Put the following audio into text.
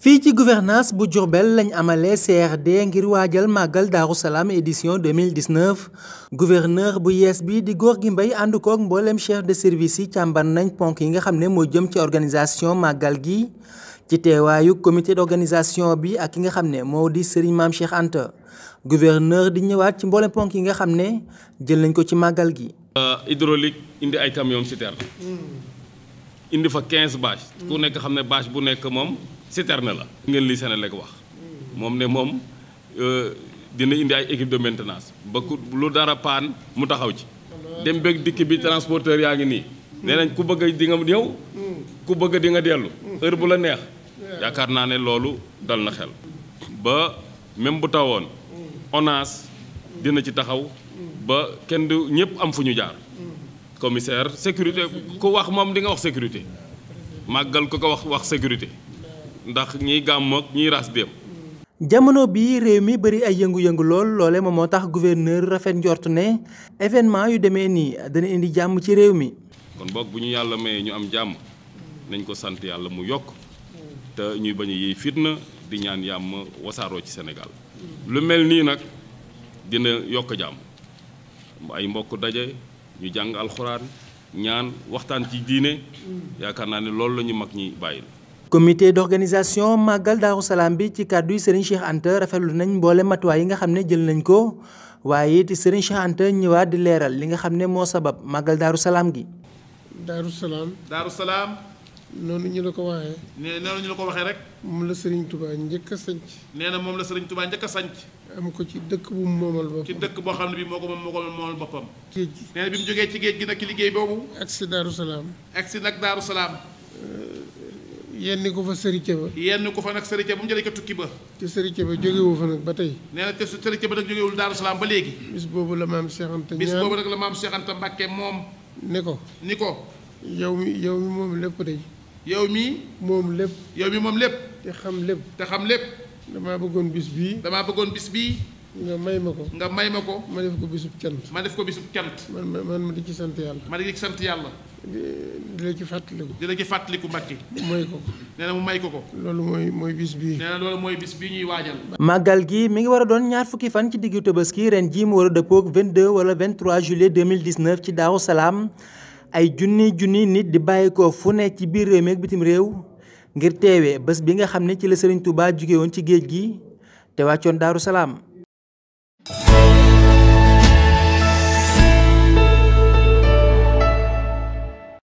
fii ci gouvernance bu Diourbel lañ amalee CRD ngir waajal màggal Daaru Salaam édition 2019 gouverneur bu yees bi di gi mbay ànd koog mbooleem chef de service yi càmbar nañ ponk yi nga xam ne moo jëm ci organisation màggal gi ci teewaayu comité d'organisation bi ak ki nga xam ne moo di Serigne Mame Cheikh Anta gouverneur di ñëwaat ci mbooleem ponk yi nga xam ne jël nañ ko ci màggal gi. Euh, hydraulique indi ay camions citernes hmm. indi fa quinze bâche ku nekk xam ne bâche bu nekk moom citerne la ngeen li Senelec wax moom ne moom euh, dina indi ay équipe de maintenance ba ku lu dara paan mu taxaw ci dem beeg dikk bi transporteur yaa ngi nii nee nañ ku bëgg di nga ñëw ku bëgg di nga dellu heure bu la neex yaakaar naa ne loolu dal na xel ba même bu tawoon ONAS dina ci taxaw ba kenn du ñëpp am fu ñu jaar commissaire sécurité ku wax moom di nga wax sécurité màggal ko ko wax wax sécurité ndax ñiy gàmm ak ñiy ras dem jamono bi réew mi bëri ay yëngu-yëngu lool loole moom moo tax gouverneur rafet njort ne événement yu demee nii dana indi jàmm ci réew mi. kon boog bu ñu yàlla mayee ñu am jàmm nañ ko sant yàlla mu yokk te ñuy bañ a fitna di ñaan yàmm wasaaroo ci Sénégal lu mel nii nag dina yokk jàmm ay mbokk daje. ñu jàng alxuraan ñaan waxtaan ci diine yaakaar naa ne loolu la ñu mag ñi bàyyil comité d'organisation màggal Daaru Salaam bi ci kàddu yi Serigne Cheikh Anta rafetlu nañ mboole matuwaay yi nga xam ne jël nañ ko waaye it Serigne Cheikh Anta ñëwaat di leeral li nga xam ne moo sabab màggal Daaru Salaam gi. Daaru Salaam Daaru Salaam. noonu ñu la ko waxee. nee na ñu la ko waxee rek. moom la Serigne Touba njëkk a sanc. nee na moom la Serigne Touba njëkk a am ko ci dëkk bu mu moomal boppam. ci dëkk boo xam ne bii moo ko moom moo ko moomal boppam. géej gi nee na bi mu jógee ci géej gi nag ci liggéey boobu. ak si Daaru Salaam. ak si nag Daaru Salaam. yenn ko fa sërite yenn ko fa nag sërite ba mu jëlee ko tukki ba. te sërite ba jógewu fa ba tey. na te su sërite jógewul Daaru Salaam ba léegi. bis boobu la maam Cheikh Anta. bis boobu nag la maam Cheikh Anta Mbacke moom. ni ko ni ko. yow mi yow mi moom lépp de yow mi moom lépp. yow mi moom lépp. te xam lépp. te xam lépp. damaa bëggoon bis bii. damaa bëggoon bis bi nga may ma ko. nga may ma ko. ma def ko bisub cant. ma def ko bisub cant. ma man ma di ci sant yàlla. ma di ci sant yàlla. di di la ci fàttaliku. di la ci fàttaliku may ko ko. nee na mu may ko ko. loolu mooy mooy bis bi nee na loolu mooy bis bii ñuy waajal. màggal gi mi ngi war a doon ñaar fukki fan ci diggu ki ren jii mu war a dëppoog 22 wala 23 juillet 2019 ci Daaru Salaam. ay junni junni nit di bàyyi ko fu ne ci biir réew mi bitim réew ngir teewe bés bi nga xam ne ci la Serigne ba jóge woon ci géej gi te wàccoon Daaru Salaam